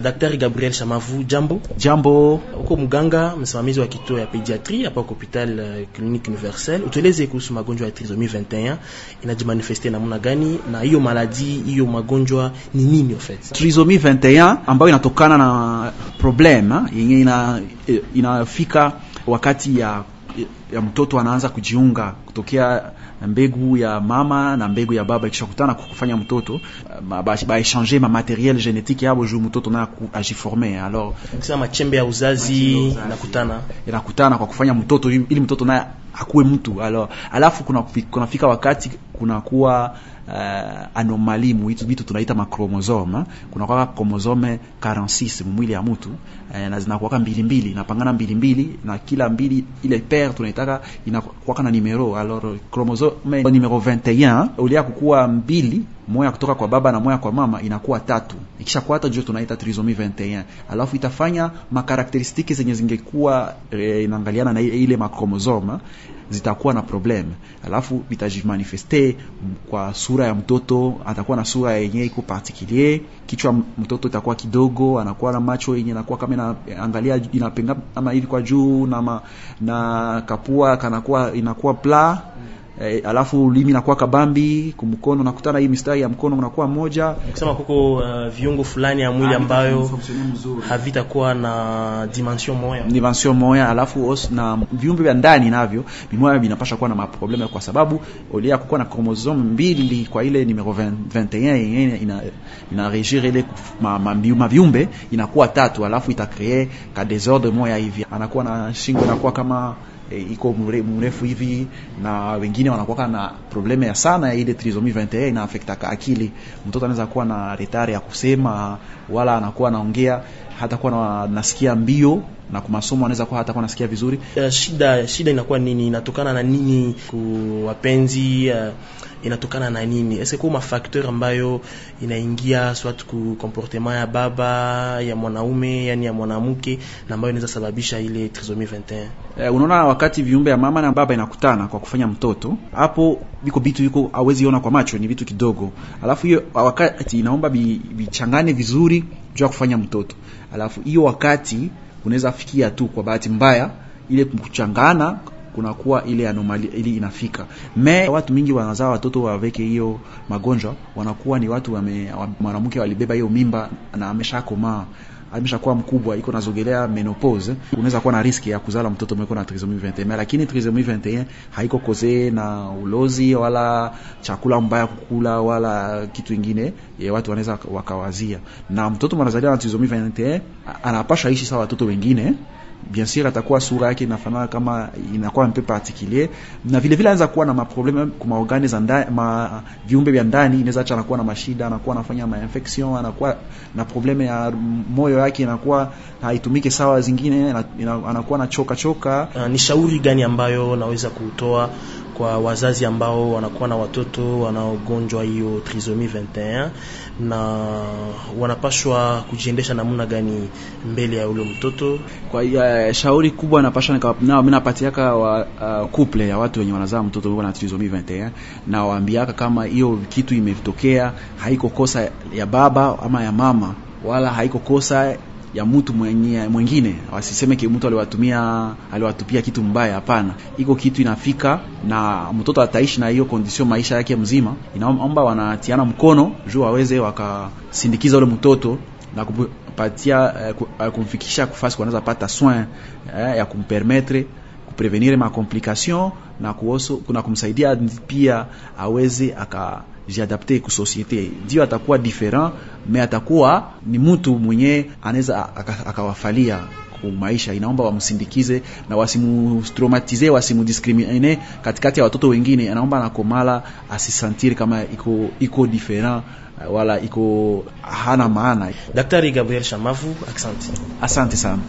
Daktari Gabriel Shamavu, jambo. Jambo. Uko mganga msimamizi wa kituo ya pediatrie hapa kwa hospital euh, Clinique Universelle, utueleze kuhusu magonjwa ya trisomi 21 inajimanifeste namna gani, na hiyo maladi hiyo magonjwa ni nini? En fait trisomi 21 ambayo inatokana na problem yenye ina, eh, inafika wakati ya, ya mtoto anaanza kujiunga kutokea mbegu ya mama na mbegu ya baba ikishakutana kufanya mtoto baechange ma materiel genetique yabo juu mtoto naye ajiforme. Alors kama chembe ya uzazi inakutana inakutana kwa kufanya mtoto ili mtoto naye akuwe mtu. Alors alafu kuna kunafika wakati kunakuwa uh, eh, anomali mwitu vitu tunaita makromosome Kunakuwa kromosome 46 mwili ya mtu eh, na zinakuwa mbili mbili, napangana mbili mbili, na kila mbili ile pair tunaitaka inakuwa na numero. Alors chromosome numero 21 ulia kukua mbili moya kutoka kwa baba na moya kwa mama inakuwa tatu. Ikishakuwa tatu ndio tunaita trisomy 21. Alafu itafanya makarakteristiki zenye zingekuwa e, inaangaliana na ile makromosoma zitakuwa na problem, alafu itajimanifeste kwa sura ya mtoto. Atakuwa na sura yenye iko particulier, kichwa mtoto itakuwa kidogo, anakuwa na macho yenye inakuwa kama inaangalia inapenga ama hivi kwa juu, na, ma, na kapua kanakuwa inakuwa pla E, alafu ulimi nakuwa kabambi kumkono nakutana hii mistari ya mkono unakuwa moja. Nikisema kuko uh, viungo fulani ya mwili ah, ambayo havitakuwa na dimension moja dimension moja, alafu os na viumbe vya ndani navyo mimoya vinapasha kuwa na maproblema, kwa sababu olia kukuwa na chromosome mbili kwa ile numero 21 yenyewe ina, ina regir ile ma, ma, ma viumbe inakuwa tatu, alafu itakreer ka desordre moja hivi, anakuwa na shingo inakuwa kama e, iko mrefu hivi, na wengine wanakuwa na probleme ya sana ya ile trisomy 21 inaafektaka akili. Mtoto anaweza kuwa na retard ya kusema wala anakuwa anaongea hata kuwa nasikia mbio na kwa masomo anaweza kuwa hata kuwa nasikia vizuri. Uh, shida shida inakuwa nini? Inatokana na nini kuwapenzi? Uh, inatokana na nini? Est-ce que kwa facteur ambayo inaingia swat ku comportement ya baba ya mwanaume yani ya mwanamke na ambayo inaweza sababisha ile trisomie 21. Uh, e, unaona wakati viumbe ya mama na baba inakutana kwa kufanya mtoto, hapo biko bitu yuko hawezi ona kwa macho, ni vitu kidogo, alafu hiyo wakati inaomba bichangane bi vizuri juu kufanya mtoto alafu hiyo wakati unaweza fikia tu kwa bahati mbaya ile kuchangana kunakuwa ile anomali ili inafika me watu mingi wanazaa watoto waweke hiyo magonjwa wanakuwa ni watu wame, mwanamke walibeba hiyo mimba na ameshakomaa ameshakuwa mkubwa, iko nazogelea menopause, unaweza kuwa na riski ya kuzala mtoto mweko na trisomi 21, lakini trisomi 21 haiko koze na ulozi wala chakula mbaya kukula wala kitu ingine ye watu wanaweza wakawazia, na mtoto mwanazaliwa na trisomi 21 anapasha ishi sawa watoto wengine bien sûr atakuwa sura yake inafanana kama inakuwa mpe particulier na vile vile anaweza kuwa na maprobleme kwa organe za ndani, ma viumbe vya ndani, inaweza acha anakuwa na mashida, anakuwa anafanya ma infection, anakuwa na probleme ya moyo yake inakuwa haitumiki sawa, zingine anakuwa na choka choka. Ah, ni shauri gani ambayo naweza kutoa kwa wazazi ambao wanakuwa na watoto wanaogonjwa hiyo trisomi 21 na wanapashwa kujiendesha namna gani mbele ya ule mtoto. Kwa hiyo shauri kubwa napasha nao mimi napatiaka wa uh, couple ya watu wenye wanazaa mtoto na trisomi 21 na waambiaka kama hiyo kitu imetokea haiko kosa ya baba ama ya mama wala haiko kosa ya mtu mwengine wasiseme ke mtu aliwatumia aliwatupia kitu mbaya. Hapana, iko kitu inafika na mtoto ataishi na hiyo kondisio maisha yake mzima. Inaomba wanatiana mkono juu waweze wakasindikiza ule mtoto na kupatia eh, eh, kumfikisha kufasi, wanaweza pata soin eh, ya kumpermetre ma complication na, kuoso, kuna kumsaidia pia aweze akajiadapte kusosiete. Ndio atakuwa diferent me atakuwa ni mtu mwenye anaweza akawafalia maisha inaomba wamsindikize na wasimutraumatize, wasimudiskrimine katikati ya watoto wengine. Anaomba nakomala asisantiri kama iko iko diferent wala iko hana maana. Daktari Gabriel Shamavu, asante, asante sana.